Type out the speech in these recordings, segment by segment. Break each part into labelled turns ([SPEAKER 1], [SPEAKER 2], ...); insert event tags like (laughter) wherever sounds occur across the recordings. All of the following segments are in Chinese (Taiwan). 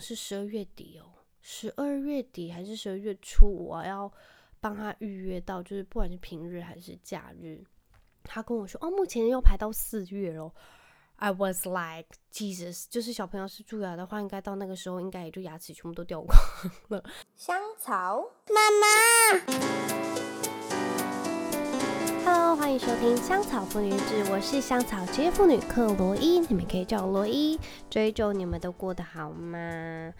[SPEAKER 1] 是十二月底哦，十二月底還是十二月初？我要幫他預約到，就是不管是平日還是假日，他跟我說哦，目前要排到四月哦。I was like Jesus，就是小朋友是蛀牙的話，應該到那個時候，應該也就牙齒全部都掉光了。香草媽媽。歡迎收聽《香草婦女誌》，我是香草職業婦女克羅伊，你們可以叫我羅伊。這一周你們都過得好嗎？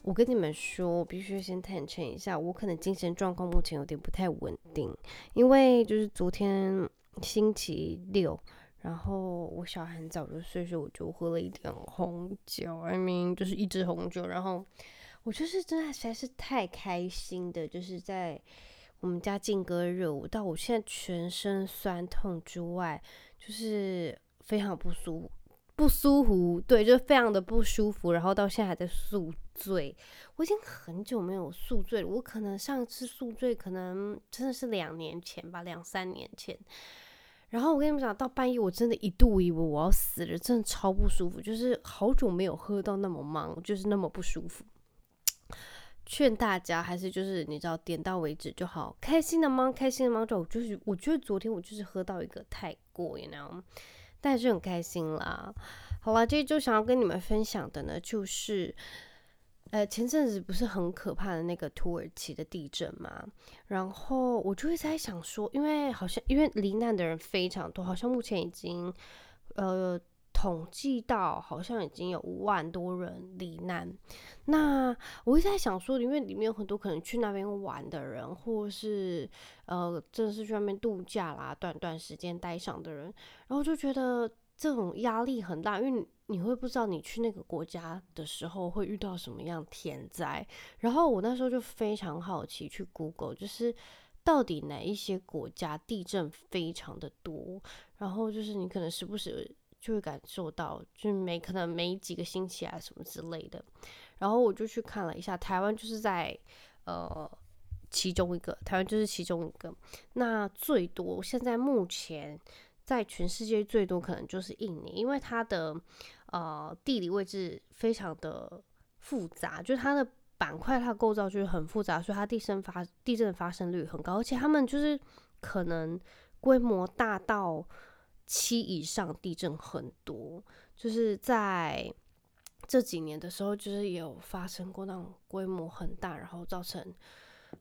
[SPEAKER 1] 我跟你們說，我必須先坦誠一下，我可能精神狀況目前有點不太穩定，因為就是昨天星期六，然後我小孩很早就睡，睡，我就喝了一點紅酒，I mean，就是一支紅酒，然後我就是真的實在是太開心的，就是在。我們家勁歌熱舞，到我現在全身酸痛之外，就是非常不舒服，不舒服，對，就是非常的不舒服，然後到現在還在宿醉。我已經很久沒有宿醉了，我可能上一次宿醉可能真的是兩年前吧，兩三年前。然後我跟你們講，到半夜我真的一度以為我要死了，死了，真的超不舒服，就是好久沒有喝到那麼忙，就是那麼不舒服。勸大家還是就是你知道點到為止就好，開心的嗎？開心的嗎？就我就是我覺得昨天我就是喝到一個太過，你 you 知 know? 但是很開心啦。好啦，這就想要跟你們分享的呢，就是呃前陣子不是很可怕的那個土耳其的地震嘛，然後我就一直在想說，因為好像因為罹難的人非常多，好像目前已經呃。統計到好像已經有五萬多人罹難，那我一直在想說，因為裡面有很多可能去那邊玩的人，或是呃，真的是去那邊度假啦，短短時間待上的人，然後就覺得這種壓力很大，因為你，你會不知道你去那個國家的時候會遇到什麼樣的天災。然後我那時候就非常好奇，去 Google 就是到底哪一些國家地震非常的多，然後就是你可能時不時。就會感受到，就沒可能沒幾個星期啊什麼之類的。然後我就去看了一下，台灣就是在呃其中一個，台灣就是其中一個。那最多現在目前在全世界最多可能就是印尼，因為它的呃地理位置非常的複雜，就它的板塊它的構造就是很複雜，所以它地震發地震的發生率很高，而且他們就是可能規模大到。七以上地震很多，就是在這幾年的時候，就是也有發生過那種規模很大，然後造成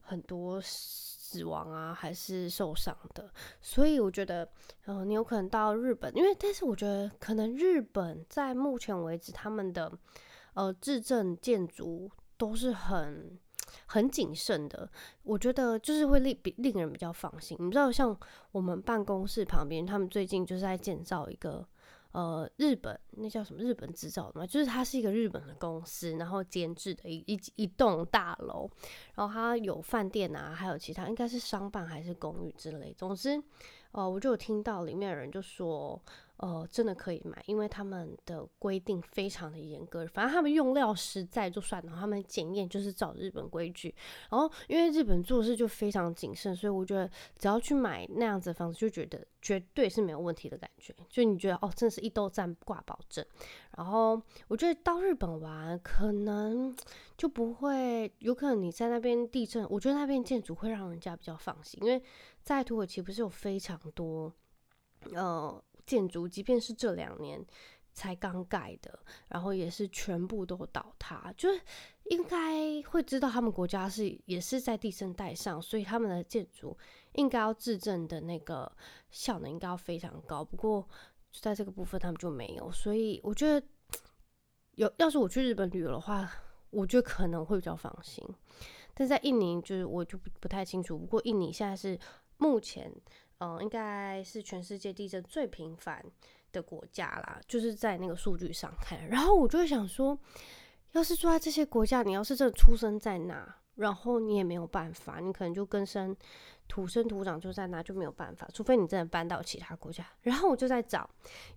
[SPEAKER 1] 很多死亡啊，還是受傷的。所以我覺得，呃，你有可能到日本，因為但是我覺得可能日本在目前為止，他們的呃制震建築都是很。很謹慎的，我覺得就是會令比令人比較放心。你知道，像我們辦公室旁邊，他們最近就是在建造一個呃，日本那叫什麼？日本制造的嗎？就是它是一個日本的公司，然後監製的一一一棟大樓，然後它有飯店啊，還有其他，應該是商辦還是公寓之類。總之，哦、呃，我就有聽到裡面的人就說。哦、呃，真的可以買，因為他們的規定非常的嚴格。反正他們用料實在就算了，然後他們檢驗就是照日本規矩。然後，因為日本做事就非常謹慎，所以我覺得只要去買那樣子的房子，就覺得絕對是沒有問題的感覺。就你覺得哦，真的是一兜贊掛保證。然後，我覺得到日本玩可能就不會，有可能你在那邊地震，我覺得那邊建築會讓人家比較放心，因為在土耳其實不是有非常多，呃。建築即便是這兩年才剛蓋的，然後也是全部都倒塌，就是應該會知道他們國家是也是在地震帶上，所以他們的建築應該要自證的那個效能應該要非常高。不過就在這個部分他們就沒有，所以我覺得有，要是我去日本旅遊的話，我覺得可能會比較放心。但在印尼就是我就不不太清楚，不過印尼現在是目前。嗯，應該是全世界地震最頻繁的國家啦，就是在那個數據上看。然後我就會想說，要是住在這些國家，你要是真的出生在那，然後你也沒有辦法，你可能就更生土生土長就在那就沒有辦法，除非你真的搬到其他國家。然後我就在找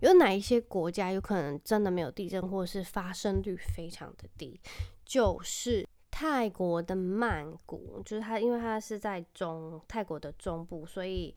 [SPEAKER 1] 有哪一些國家有可能真的沒有地震，或者是發生率非常的低，就是泰國的曼谷，就是它，因為它是在中泰國的中部，所以。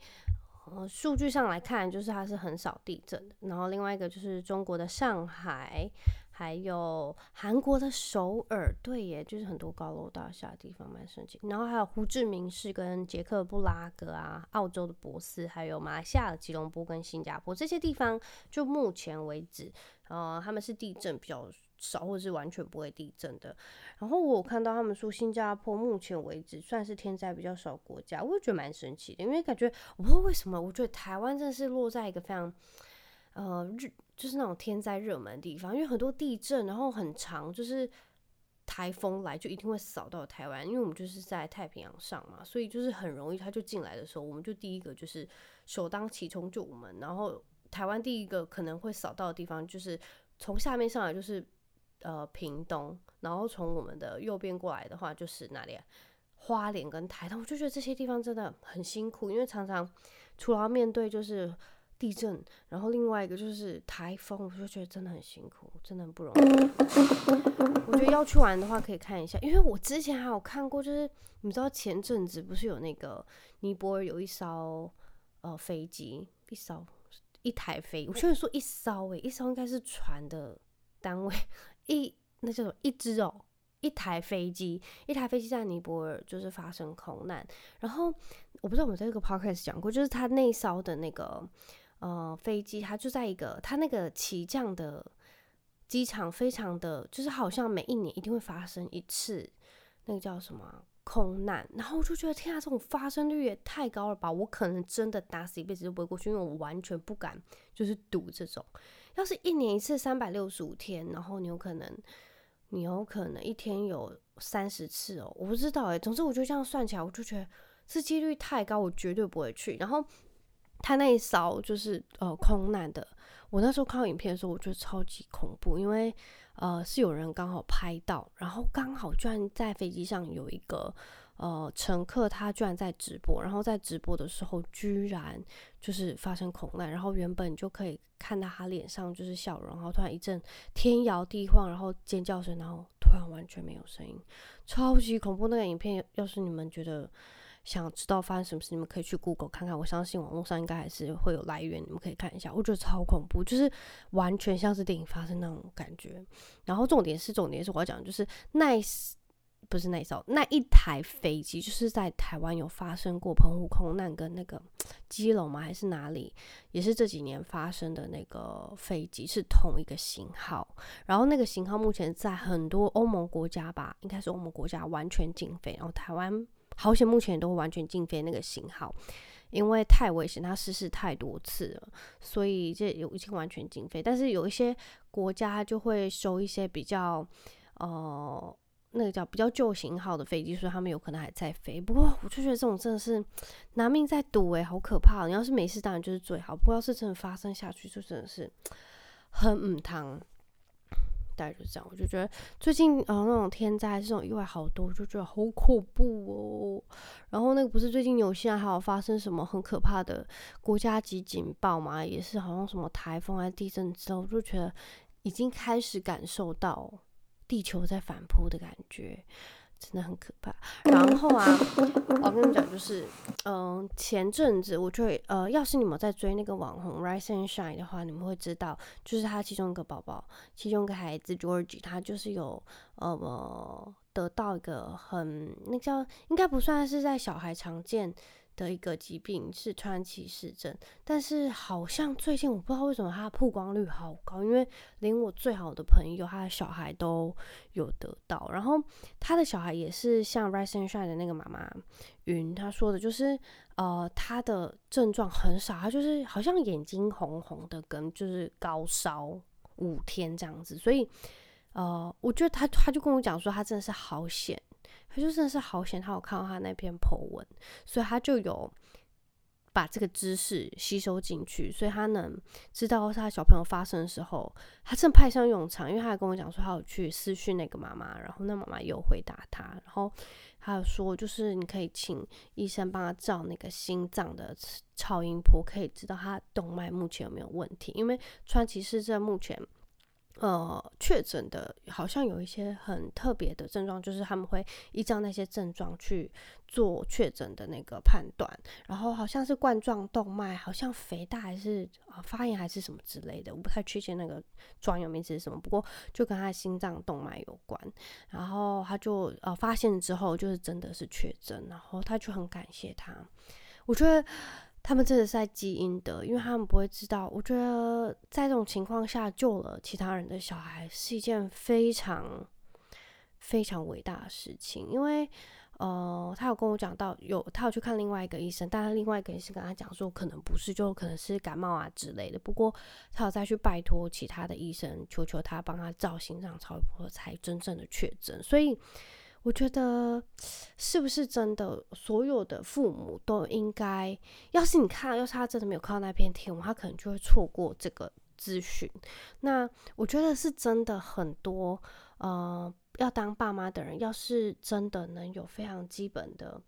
[SPEAKER 1] 呃，數據上來看，就是它是很少地震的。然後另外一個就是中國的上海，還有韓國的首爾，對耶，就是很多高樓大廈的地方蠻神奇。然後還有胡志明市跟捷克布拉格啊，澳洲的珀斯，還有馬來西亞的吉隆坡跟新加坡這些地方，就目前為止，呃，他們是地震比較。少或是完全不會地震的。然後我看到他們說新加坡目前為止算是天災比較少，國家，我覺得蠻神奇的，因為感覺我不知道為什麼，我覺得台灣真的是落在一個非常呃就是那種天災熱門的地方，因為很多地震，然後很長，就是颱風來就一定會掃到台灣，因為我們就是在太平洋上嘛，所以就是很容易它就進來的時候，我們就第一個就是首當其衝就我們，然後台灣第一個可能會掃到的地方就是從下面上來就是。呃，屏東，然後從我們的右邊過來的話，就是哪裡、啊？花蓮跟台東，我就覺得這些地方真的很辛苦，因為常常除了要面對就是地震，然後另外一個就是颱風，我就覺得真的很辛苦，真的很不容易。嗯、 (laughs) 我覺得要去玩的話，可以看一下，因為我之前還有看過，就是你們知道前陣子不是有那個尼泊爾有一艘呃飛機，一艘一台飛，我就是說一艘、欸，誒，一艘應該是船的單位。一那叫做一隻哦，一台飛機，一台飛機在尼泊爾就是發生空難。然後我不知道我們這個 podcast 講過，就是它那艘的那個呃飛機，它就在一個它那個起降的機場，非常的，就是好像每一年一定會發生一次那個叫什麼空難。然後我就覺得，天啊，這種發生率也太高了吧！我可能真的打死一輩子都不會過去，因為我完全不敢就是賭這種。要是一年一次三百六十五天，然後你有可能，你有可能一天有三十次哦，我不知道欸，總之我就這樣算起來，我就覺得這幾率太高，我絕對不會去。然後他那一稍就是呃空難的，我那時候看影片的時候，我覺得超級恐怖，因為呃是有人剛好拍到，然後剛好居然在飛機上有一個。呃，乘客他居然在直播，然後在直播的時候居然就是發生空難，然後原本就可以看到他臉上就是笑容，然後突然一陣天搖地晃，然後尖叫聲，然後突然完全沒有聲音，超級恐怖那個影片。要是你們覺得想知道發生什麼事，你們可以去 Google 看看，我相信網絡上應該還是會有來源，你們可以看一下。我覺得超恐怖，就是完全像是電影發生那種感覺。然後重點是重點是我要講，就是 n、nice、i 不是那艘那一台飛機，就是在台灣有發生過澎湖空難跟那個基隆嗎？還是哪裡也是這幾年發生的那個飛機是同一個型號。然後那個型號目前在很多歐盟國家吧，應該是歐盟國家完全禁飛。然、哦、後台灣好像目前也都完全禁飛那個型號，因為太危險，它失事太多次了，所以這已經完全禁飛。但是有一些國家就會收一些比較呃。那個叫比較舊型號的飛機，所以他們有可能還在飛。不過，我就覺得這種真的是拿命在賭，哎，好可怕喔！你要是沒事，當然就是最好。不過要是真的發生下去，就真的是很唔湯。大概就是這樣，我就覺得最近啊，那種天災這種意外好多，就覺得好恐怖喔。然後那個不是最近紐西蘭還有發生什麼很可怕的國家級警報嗎？也是好像什麼颱風啊、地震之後，我就覺得已經開始感受到。地球在反撲的感覺，真的很可怕。然後啊， (laughs) 我跟你講，就是，嗯、呃，前陣子我覺得，呃，要是你們在追那個網紅 Rise and Shine 的話，你們會知道，就是他其中一個寶寶，其中一個孩子 Georgie，他就是有呃得到一個很那叫應該不算是在小孩常見。的一個疾病是川崎氏症，但是好像最近我不知道為什麼他的曝光率好高，因為連我最好的朋友他的小孩都有得到，然後他的小孩也是像 Rise and Shine 的那個媽媽云她說的，就是呃他的症狀很少，他就是好像眼睛紅紅的跟就是高燒五天這樣子，所以呃我覺得他他就跟我講說他真的是好險。他就真的是好險，他有看到他那篇 po 文，所以他就有把這個知識吸收進去，所以他能知道他，是他小朋友發生的時候，他正派上用場。因為他還跟我講說，他有去私訊那個媽媽，然後那媽媽有回答他，然後他有說就是你可以請醫生幫他照那個心臟的超音波，可以知道他動脈目前有沒有問題。因為川崎氏症目前。呃，確診的，好像有一些很特別的症狀，就是他們會依照那些症狀去做確診的那個判斷，然後好像是冠狀動脈，好像肥大還是，呃，發炎還是什麼之類的，我不太確切那個專有名詞是什麼，不過就跟他心臟動脈有關，然後他就呃發現之後就是真的是確診，然後他就很感謝他，我覺得。他們真的是在積陰德，因為他們不會知道。我覺得在這種情況下，救了其他人的小孩是一件非常非常偉大的事情。因為，呃，他有跟我講到，有他有去看另外一個醫生，但他另外一個醫生跟他講說，可能不是，就可能是感冒啊之類的。不過，他有再去拜托其他的醫生，求求他幫他照心臟超音波，才真正的確診。所以。我覺得是不是真的，所有的父母都應該？要是你看，要是他真的沒有看到那篇貼文，他可能就會錯過這個資訊。那我覺得是真的，很多呃，要當爸媽的人，要是真的能有非常基本的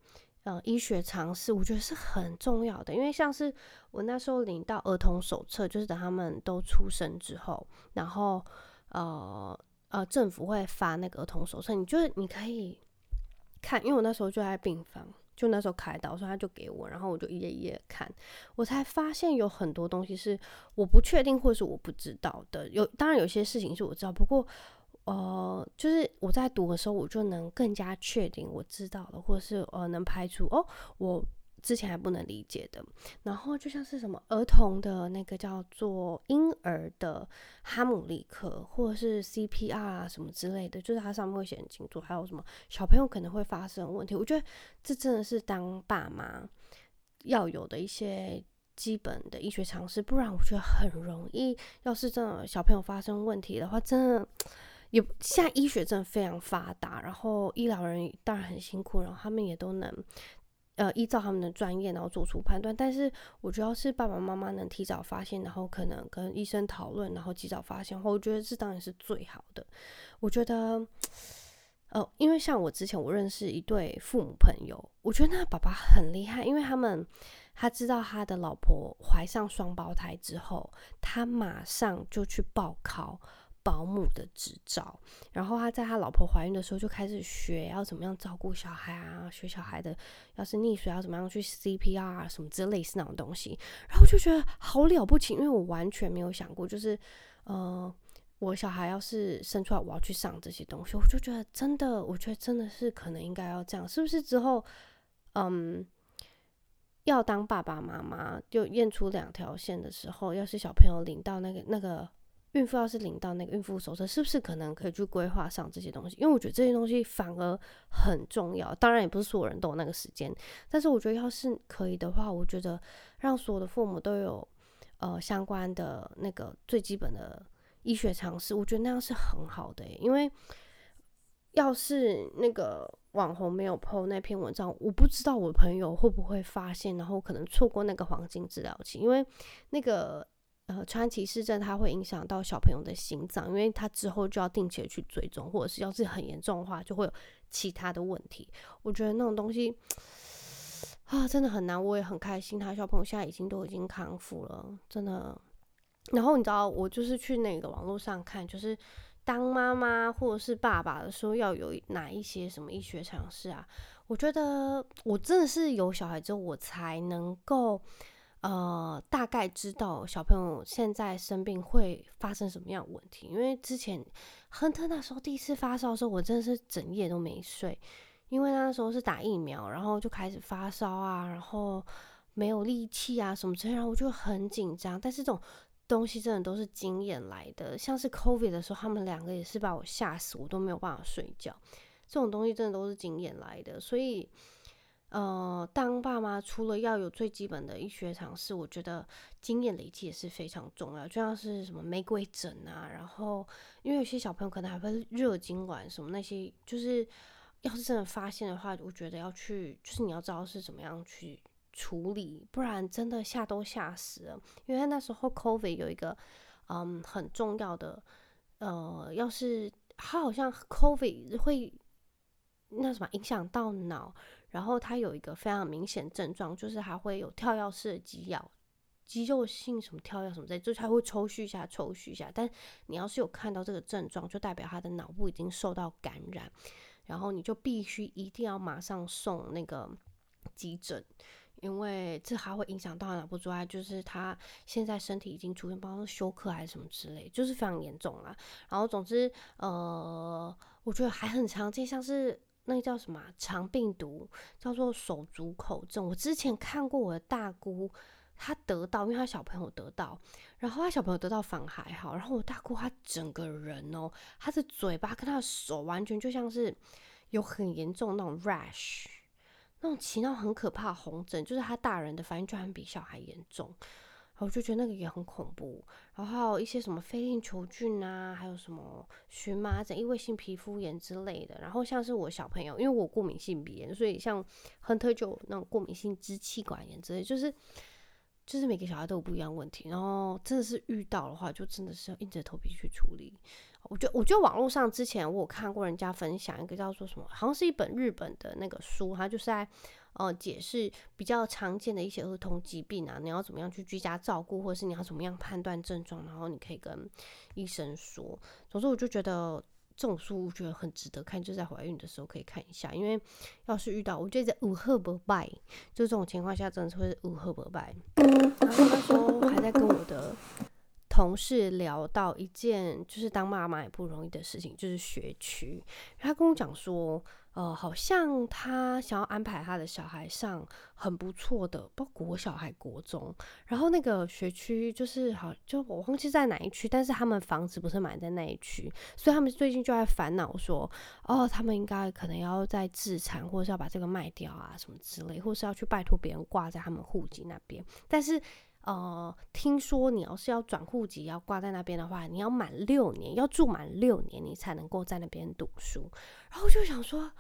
[SPEAKER 1] 呃醫學常識，我覺得是很重要的。因為像是我那時候領到兒童手冊，就是等他們都出生之後，然後呃。呃，政府會發那個兒童手冊，你就是你可以看，因為我那時候就在病房，就那時候開刀，所以他就給我，然後我就一頁一頁看，我才發現有很多東西是我不確定，或者是我不知道的。有當然有些事情是我知道，不過呃，就是我在讀的時候，我就能更加確定我知道了，或者是呃能排除哦我。之前還不能理解的，然後就像是什麼兒童的那個叫做嬰兒的哈姆立克，或者是 CPR 啊什麼之類的，就是它上面會寫很清楚。還有什麼小朋友可能會發生問題，我覺得這真的是當爸媽要有的一些基本的醫學常識，不然我覺得很容易。要是真的小朋友發生問題的話，真的也現在醫學真的非常發達，然後醫療人當然很辛苦，然後他們也都能。呃，依照他們的專業，然後做出判斷。但是我覺得是爸爸媽媽能提早發現，然後可能跟醫生討論，然後及早發現後，我覺得這當然是最好的。我覺得，呃，因為像我之前我認識一對父母朋友，我覺得那爸爸很厲害，因為他們他知道他的老婆懷上雙胞胎之後，他馬上就去報考。保姆的執照，然後他在他老婆懷孕的時候就開始學要怎麼樣照顧小孩啊，學小孩的要是溺水要怎麼樣去 CPR 啊，什麼之類是那種東西，然後就覺得好了不起，因為我完全沒有想過，就是呃，我小孩要是生出來，我要去上這些東西，我就覺得真的，我覺得真的是可能應該要這樣，是不是之後嗯，要當爸爸媽媽就驗出兩條線的時候，要是小朋友領到那個那個。孕婦要是領到那個孕婦手冊，是不是可能可以去規劃上這些東西？因為我覺得這些東西反而很重要。當然，也不是所有人都有那個時間。但是，我覺得要是可以的話，我覺得讓所有的父母都有呃相關的那個最基本的醫學常識，我覺得那樣是很好的欸。因為要是那個網紅沒有 PO 那篇文章，我不知道我朋友會不會發現，然後可能錯過那個黃金治療期。因為那個。呃，川崎氏症它會影響到小朋友的心臟，因為它之後就要定期的去追蹤，或者是要是很嚴重的話，就會有其他的問題。我覺得那種東西啊，真的很難。我也很開心，他小朋友現在已經都已經康復了，真的。然後你知道，我就是去那個網絡上看，就是當媽媽或者是爸爸的時候要有哪一些什麼醫學常識啊？我覺得我真的是有小孩之後，我才能夠。呃，大概知道小朋友現在生病會發生什麼樣的問題，因為之前亨特那時候第一次發燒的時候，我真的是整夜都沒睡，因為那時候是打疫苗，然後就開始發燒啊，然後沒有力氣啊，什麼之類的，然後我就很緊張。但是這種東西真的都是經驗來的，像是 COVID 的時候，他們兩個也是把我嚇死，我都沒有辦法睡覺。這種東西真的都是經驗來的，所以。呃，當爸媽除了要有最基本的醫學常識，我覺得經驗累積也是非常重要。就像是什麼玫瑰疹啊，然後因為有些小朋友可能還會熱痙攣什麼那些，就是要是真的發現的話，我覺得要去，就是你要知道是怎麼樣去處理，不然真的嚇都嚇死了。因為那時候 COVID 有一個，嗯，很重要的，呃，要是它好像 COVID 會那什麼影響到腦。然後他有一個非常明顯的症狀，就是他會有跳躍式的肌肉，肌肉性什麼跳躍什麼之類，就是、他會抽搐一下，抽搐一下。但你要是有看到這個症狀，就代表他的腦部已經受到感染，然後你就必須一定要馬上送那個急診，因為這還會影響到腦部之外，就是他現在身體已經出現，包括休克還是什麼之類，就是非常嚴重啦。然後總之，呃，我覺得還很常見，像是。那叫什麼啊？腸病毒叫做手足口症。我之前看過我的大姑，她得到，因為她小朋友得到，然後她小朋友得到反還好。然後我大姑她整個人哦，她的嘴巴跟她的手完全就像是有很嚴重那種 rash，那種起那種很可怕紅疹，就是她大人的反應就很比小孩嚴重。我就覺得那個也很恐怖，然後一些什麼肺炎球菌啊，還有什麼蕁麻疹、異位性皮膚炎之類的。然後像是我小朋友，因為我過敏性鼻炎，所以像亨特就有那種過敏性支氣管炎之類，就是就是每個小孩都有不一樣問題。然後真的是遇到的話，就真的是要硬着頭皮去處理。我覺得，我覺得網絡上之前我有看過人家分享一個叫做什麼，好像是一本日本的那個書，它就是在。哦、嗯，解釋比較常見的一些兒童疾病啊，你要怎麼樣去居家照顧，或者是你要怎麼樣判斷症狀，然後你可以跟醫生說。總之，我就覺得這種書我覺得很值得看，就在懷孕的時候可以看一下。因為要是遇到，我覺得無何不敗，就這種情況下，真的是會無何不敗。然後那時候還在跟我的同事聊到一件，就是當媽媽也不容易的事情，就是學區。他跟我講說。呃，好像他想要安排他的小孩上很不錯的，包括國小還國中，然後那個學區就是好，就我忘記在哪一區，但是他們房子不是買在那一區，所以他們最近就在煩惱說，哦，他們應該可能要再置產或者是要把這個賣掉啊，什麼之類，或是要去拜托別人掛在他們戶籍那邊，但是。呃，聽說你要是要轉戶籍，要掛在那邊的話，你要滿六年，要住滿六年，你才能夠在那邊讀書。然後我就想說，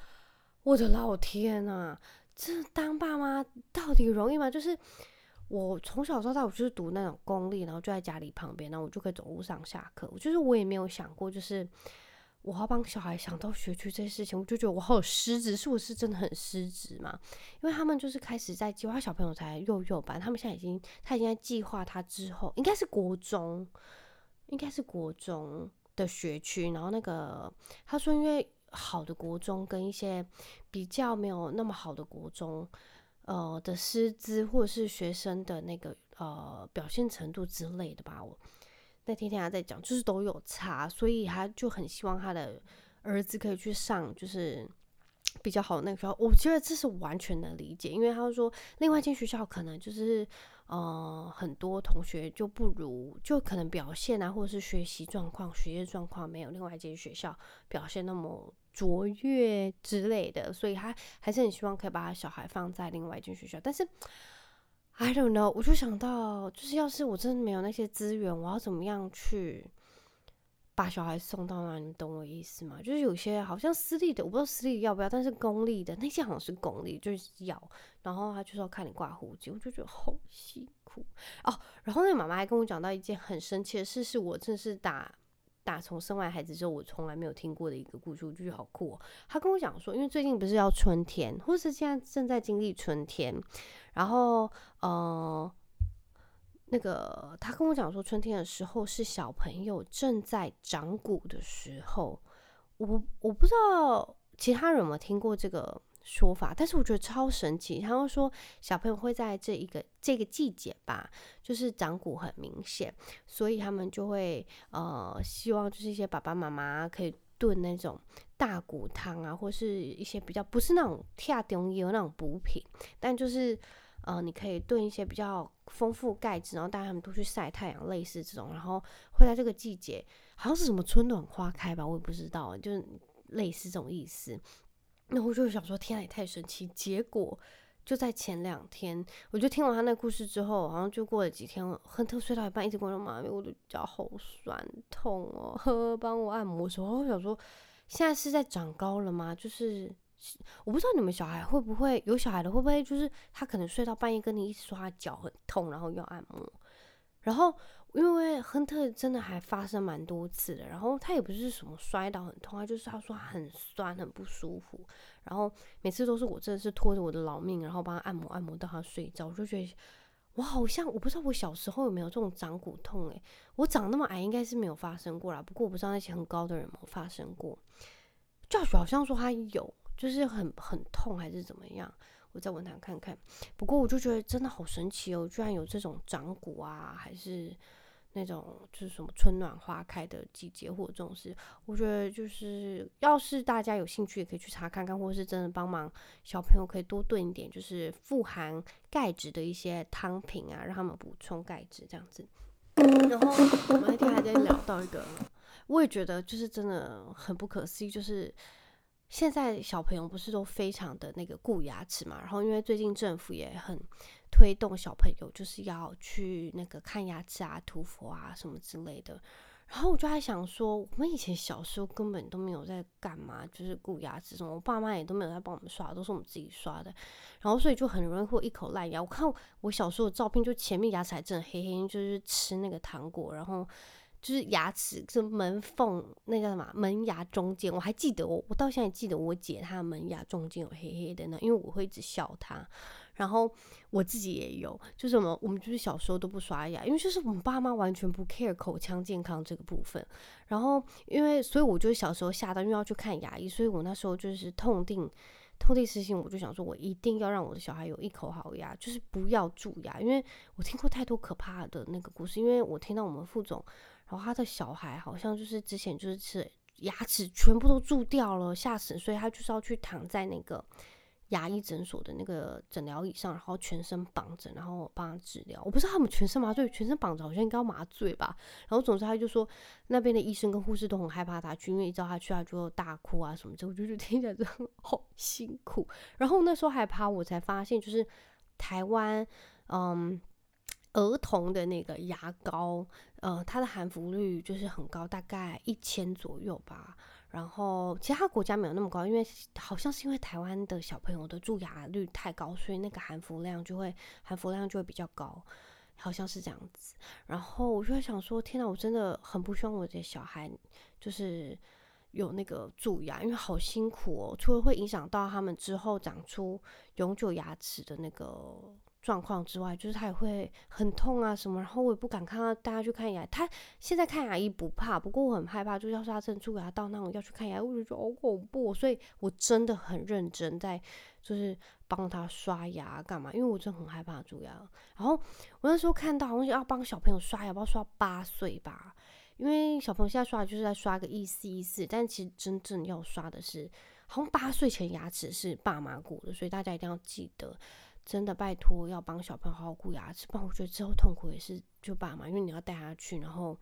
[SPEAKER 1] 我的老天啊，這當爸媽到底容易嗎？就是我從小到大，我就是讀那種公立，然後就在家裡旁邊，然後我就可以走路上下課。我就是我也沒有想過，就是。我要幫小孩想到學區這些事情，我就覺得我好有失職，是我是真的很失職嘛，因為他們就是開始在計劃小朋友才幼幼班，他們現在已經他已經在計劃他之後應該是國中，應該是國中的學區，然後那個他說因為好的國中跟一些比較沒有那麼好的國中，呃的師資或者是學生的那個呃表現程度之類的吧，我。那天聽他在講，就是都有差，所以他就很希望他的兒子可以去上就是比較好的那個學校。我覺得這是完全能理解，因為他說另外一間學校可能就是呃很多同學就不如，就可能表現啊或者是學習狀況、學業狀況沒有另外一間學校表現那麼卓越之類的，所以他還是很希望可以把他小孩放在另外一間學校，但是。I don't know，我就想到，就是要是我真的沒有那些資源，我要怎麼樣去把小孩送到那裡？你懂我意思嗎？就是有些好像私立的，我不知道私立要不要，但是公立的那些好像是公立，就是要，然後他就說要看你掛戶籍，我就覺得好辛苦哦。然後那個媽媽還跟我講到一件很神奇的事，是我真是打打從生完孩子之後，我從來沒有聽過的一個故事，我覺得好酷哦。她跟我講說，因為最近不是要春天，或是現在正在經歷春天。然後，呃，那個他跟我講說，春天的時候是小朋友正在長骨的時候。我我不知道其他人有沒有聽過這個說法，但是我覺得超神奇。他們說，小朋友會在這一個這個季節吧，就是長骨很明顯，所以他們就會呃，希望就是一些爸爸媽媽可以燉那種大骨湯啊，或是一些比較不是那種貼東西，有那種補品，但就是。呃，你可以燉一些比較豐富鈣質，然後帶他們都去曬太陽，類似這種。然後會在這個季節，好像是什麼春暖花開吧，我也不知道，就是類似這種意思。那我就想說，天啊，也太神奇！結果就在前兩天，我就聽完他那個故事之後，好像就過了幾天，亨特睡到一半，一直跟我說，媽咪，我的腳好酸痛哦，呵呵，幫我按摩的時候，我想說，現在是在長高了嗎？就是。我不知道你們小孩會不會有，小孩的會不會就是他可能睡到半夜跟你一起說他腳很痛，然後要按摩。然後因為亨特真的還發生蠻多次的，然後他也不是什麼摔倒很痛啊，就是他說他很酸很不舒服。然後每次都是我真的是拖着我的老命，然後幫他按摩按摩，到他睡着，我就覺得我好像，我不知道我小時候有沒有這種長骨痛誒、欸，我長那麼矮應該是沒有發生過啦。不過我不知道那些很高的人有沒有發生過，教學好像說他有。就是很很痛還是怎麼樣？我再問他看看。不過我就覺得真的好神奇哦，居然有這種長骨啊，還是那種就是什麼春暖花開的季節或者這種事，我覺得就是要是大家有興趣也可以去查看看，或是真的幫忙小朋友可以多燉一點，就是富含鈣質的一些湯品啊，讓他們補充鈣質這樣子。然後我們那天還在聊到一個，我也覺得就是真的很不可思議，就是。現在小朋友不是都非常的那個顧牙齒嘛，然後因為最近政府也很推動小朋友，就是要去那個看牙齒啊、塗氟啊什麼之類的。然後我就還想說，我們以前小時候根本都沒有在干嘛，就是顧牙齒什麼，我爸媽也都沒有在幫我們刷，都是我們自己刷的。然後所以就很容易會一口爛牙。我看我，我小時候的照片，就前面牙齒還真的黑黑，就是吃那個糖果，然後。就是牙齒是門縫那叫什麼？門牙中間我還記得我，我到現在記得我姐她門牙中間有黑黑的呢，因為我會一直笑她。然後我自己也有，就什麼我們就是小時候都不刷牙，因為就是我們爸媽完全不 care 口腔健康這個部分。然後因為所以我就小時候嚇到，因為要去看牙醫，所以我那時候就是痛定痛定思痛，我就想說我一定要讓我的小孩有一口好牙，就是不要蛀牙，因為我聽過太多可怕的那個故事，因為我聽到我們副總。然後他的小孩好像就是之前就是是牙齒全部都蛀掉了，嚇死！所以他就是要去躺在那個牙醫診所的那個診療椅上，然後全身綁着，然後我幫他治療。我不知道他們全身麻醉、全身綁着，好像應該要麻醉吧？然後總之他就說那邊的醫生跟護士都很害怕他去，因為一叫他去，他就大哭啊什麼就我就覺得就聽起來就好辛苦。然後那時候害怕，我才發現就是台灣嗯兒童的那個牙膏。呃，它的含氟率就是很高，大概一千左右吧。然後其他國家沒有那麼高，因為好像是因為台灣的小朋友的蛀牙率太高，所以那個含氟量就會含氟量就會比較高，好像是這樣子。然後我就會想說，天吶，我真的很不希望我的小孩就是有那個蛀牙，因為好辛苦哦，除了會影響到他們之後長出永久牙齒的那個。狀況之外，就是他也會很痛啊什麼，然後我也不敢看他，大家去看牙。他現在看牙醫不怕，不過我很害怕，就是要是他正蛀牙，到那種要去看牙，我就覺得好恐怖。所以我真的很認真在，就是幫他刷牙幹嘛，因為我真的很害怕蛀牙。然後我那時候看到，好像要幫小朋友刷牙，要刷八歲吧，因為小朋友現在刷就是在刷個一四一四，但其實真正要刷的是，好像八歲前牙齒是爸媽過的，所以大家一定要記得。真的拜託，要幫小朋友好好顧牙齒，不然我覺得之後痛苦也是就爸媽，因為你要帶他去，然後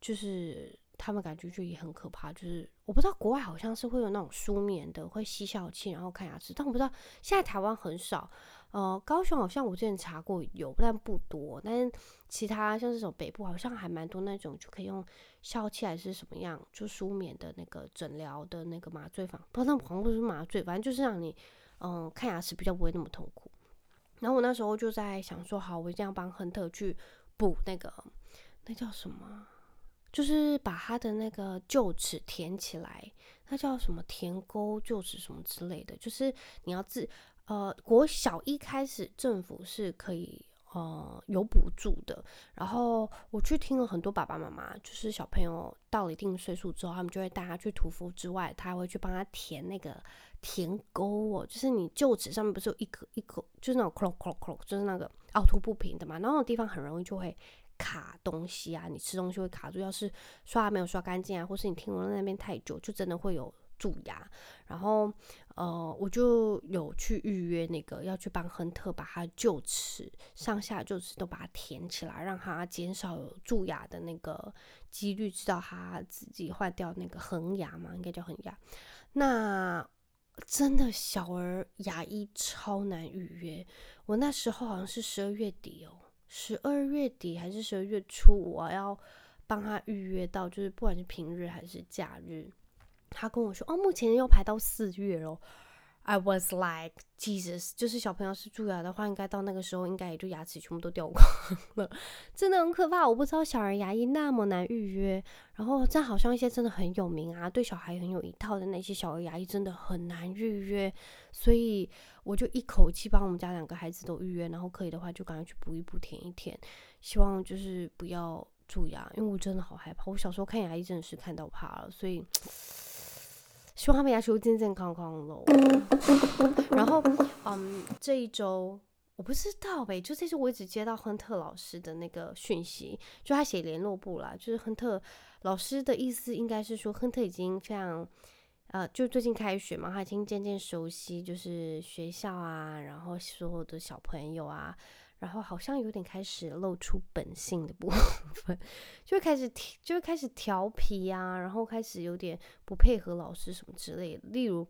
[SPEAKER 1] 就是他們感覺就也很可怕。就是我不知道國外好像是會有那種舒眠的，會吸笑氣然後看牙齒，但我不知道現在台灣很少。呃，高雄好像我之前查過有，但不多。但是其他像這種北部好像還蠻多那種就可以用笑氣還是什麼樣就舒眠的那個診療的那個麻醉房，不知道，那好像不是麻醉，反正就是讓你嗯、呃、看牙齒比較不會那麼痛苦。然後我那時候就在想說，好，我一定要幫亨特去補那個，那叫什麼？就是把他的那個臼齒填起來，那叫什麼填？填溝臼齒什麼之類的？就是你要自，呃，國小一開始政府是可以。呃，有補助的。然後我去聽了很多爸爸媽媽，就是小朋友到了一定歲數之後，他們就會帶他去塗氟之外，他還會去幫他填那個填溝哦。就是你臼齒上面不是有一顆一顆，就是那種 cro cro cro，就是那個凹凸不平的嘛。然後那種地方很容易就會卡東西啊，你吃東西會卡住。要是刷還沒有刷乾淨啊，或是你停留在那邊太久，就真的會有。蛀牙，然後呃，我就有去預約那個要去幫亨特把他臼齒上下就是都把它填起來，讓他減少有蛀牙的那個幾率，直到他自己換掉那個恆牙嘛，應該叫恆牙。那真的小兒牙醫超難預約，我那時候好像是十二月底哦，十二月底還是十二月初，我要幫他預約到，就是不管是平日還是假日。他跟我說：“哦，目前要排到四月哦。I was like Jesus，就是小朋友是蛀牙的話，應該到那個時候，應該也就牙齒全部都掉光了， (laughs) 真的很可怕。我不知道小兒牙醫那麼難預約，然後這好像一些真的很有名啊，對小孩很有一套的那些小兒牙醫，真的很難預約。所以我就一口氣幫我們家兩個孩子都預約，然後可以的話就趕快去補一補、填一填，希望就是不要蛀牙，因為我真的好害怕。我小時候看牙醫真的是看到怕了，所以。希望他們牙齒健健康康的。 (laughs) 然後，嗯，這一周我不知道唄、欸，就這一周我一直接到亨特老師的那個訊息，就他寫聯絡簿啦。就是亨特老師的意思，應該是說亨特已經非常呃，就最近開學嘛，他已經漸漸熟悉，就是學校啊，然後所有的小朋友啊。然後好像有點開始露出本性的部分，就會開始就會開始調皮呀、啊，然後開始有點不配合老師什麼之類的。例如，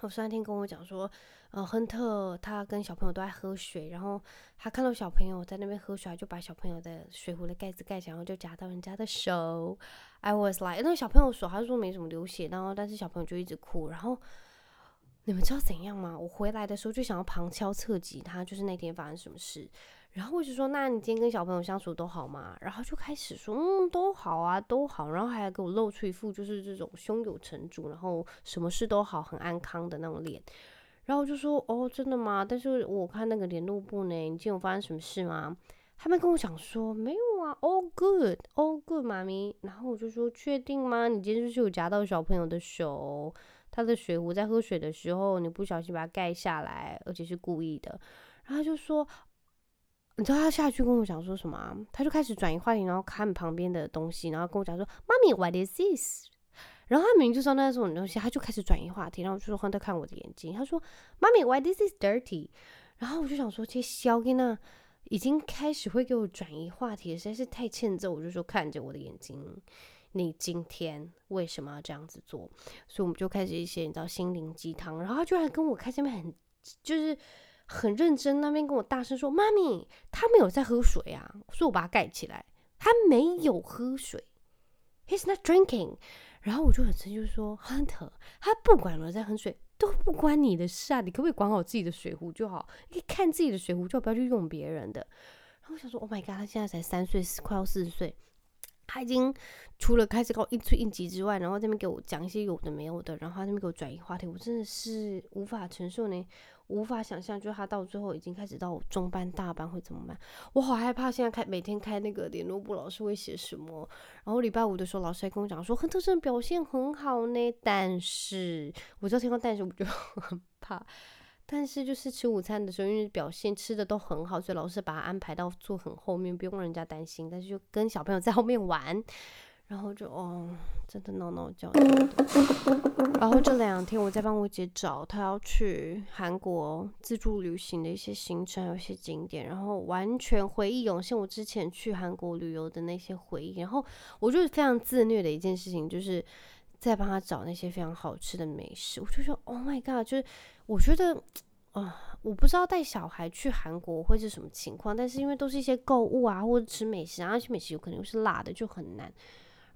[SPEAKER 1] 我上一天跟我講說，呃，亨特他跟小朋友都愛喝水，然後他看到小朋友在那邊喝水，就把小朋友的水壺的蓋子蓋起來，然後就夾到人家的手。I was like，那個小朋友手他說沒什麼流血，然後但是小朋友就一直哭，然後。你們知道怎樣嗎？我回來的時候就想要旁敲側擊，他就是那天發生什麼事，然後我就說：那你今天跟小朋友相處都好嗎？然後就開始說：嗯，都好啊，都好。然後還，還給我露出一副就是這種胸有成竹，然後什麼事都好，很安康的那種臉。然後我就說：哦，真的嗎？但是我看那個聯絡簿呢，你今天有發生什麼事嗎？他們跟我講說，沒有啊哦 good, 哦 good, 媽咪。’然後我就說：確定嗎？你今天就是，是有夾到小朋友的手。他的水壺在喝水的時候，你不小心把它蓋下來，而且是故意的。然後他就說：“你知道他下去跟我講說什麼嗎，啊？”他就開始轉移話題，然後看旁邊的東西，然後跟我講說：“媽咪，what is this？” 然後他明明就知道那是什麼東西，他就開始轉移話題，然後就說：“換他看我的眼睛。”他說：“媽咪，why this is dirty？” 然後我就想說：“這肖恩啊，已經開始會給我轉移話題，實在是太欠揍。”我就說：“看着我的眼睛。”你今天為什麼要這樣子做？所以我們就開始一些你知道心靈雞湯，然後他居然跟我開始面很就是很認真那邊跟我大聲說：“媽咪，他沒有在喝水啊！”所以我把它蓋起來，他沒有喝水。” He's not drinking。然後我就很生氣說：“Hunter，他不管我在喝水都不關你的事啊！你可不可以管好自己的水壺就好？你看自己的水壺，就不要去用別人的。”然後我想說：“Oh my god！” 他現在才三歲，快要四歲。他已經除了開始搞一應應急之外，然後這邊給我講一些有的沒有的，然後他那邊給我轉移話題，我真的是無法承受呢，無法想象，就他到最後已經開始到中班大班會怎麼辦？我好害怕。現在開每天開那個聯絡簿老師會寫什麼？然後禮拜五的時候，老師還跟我講說，很特的表現很好呢，但是我知道聽到但是我就很怕。但是就是吃午餐的時候，因為表現吃的都很好，所以老師把他安排到坐很後面，不用人家擔心。但是就跟小朋友在後面玩，然後就哦，真的鬧鬧叫。然後這兩天我在幫我姐找，她要去韓國自助旅行的一些行程，還有一些景點。然後完全回憶湧現我之前去韓國旅遊的那些回憶。然後我就是非常自虐的一件事情，就是。再幫他找那些非常好吃的美食，我就說，Oh my god！就是我覺得啊、呃，我不知道帶小孩去韓國會是什麼情況，但是因為都是一些購物啊，或者吃美食啊，吃美食有可能又是辣的，就很難。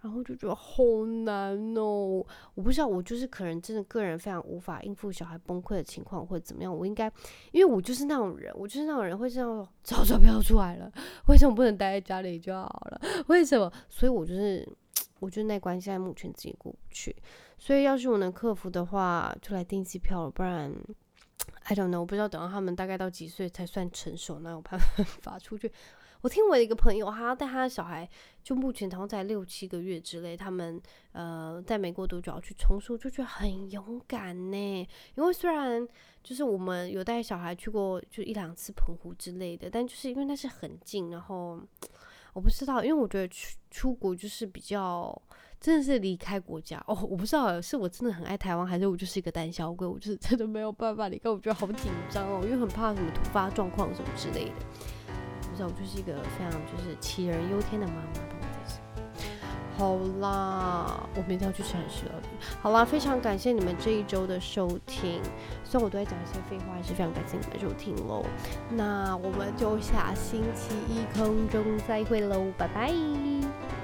[SPEAKER 1] 然後就覺得好難哦，我不知道，我就是可能真的個人非常無法應付小孩崩潰的情況，或者怎麼樣。我應該，因為我就是那種人，我就是那種人會這樣，早早不要出來了，為什麼不能待在家裡就好了？為什麼？所以我就是。我覺得那關現在目前自己過不去，所以要是我能克服的話，就來訂機票了。不然，I don't know，我不知道等到他們大概到幾歲才算成熟，那我怕發出去。我聽我的一個朋友，他帶他的小孩，就目前好像在六七個月之類，他們呃在美國多久要去衝就出去，就覺得很勇敢呢。因為雖然就是我們有帶小孩去過，就一兩次澎湖之類的，但就是因為那是很近，然後。我不知道，因為我覺得出出國就是比較真的是離開國家哦。我不知道是我真的很愛台灣，還是我就是一個膽小鬼，我就是真的沒有辦法離開，我覺得好緊張哦，因為很怕什麼突發狀況什麼之類的。我不知道，我就是一個非常就是杞人憂天的媽媽。好啦，我明天要去鏟屎了。好啦，非常感謝你們這一周的收聽，雖然我都在講一些廢話，還是非常感謝你們收聽嘍。那我們就下星期一空中再會嘍，拜拜。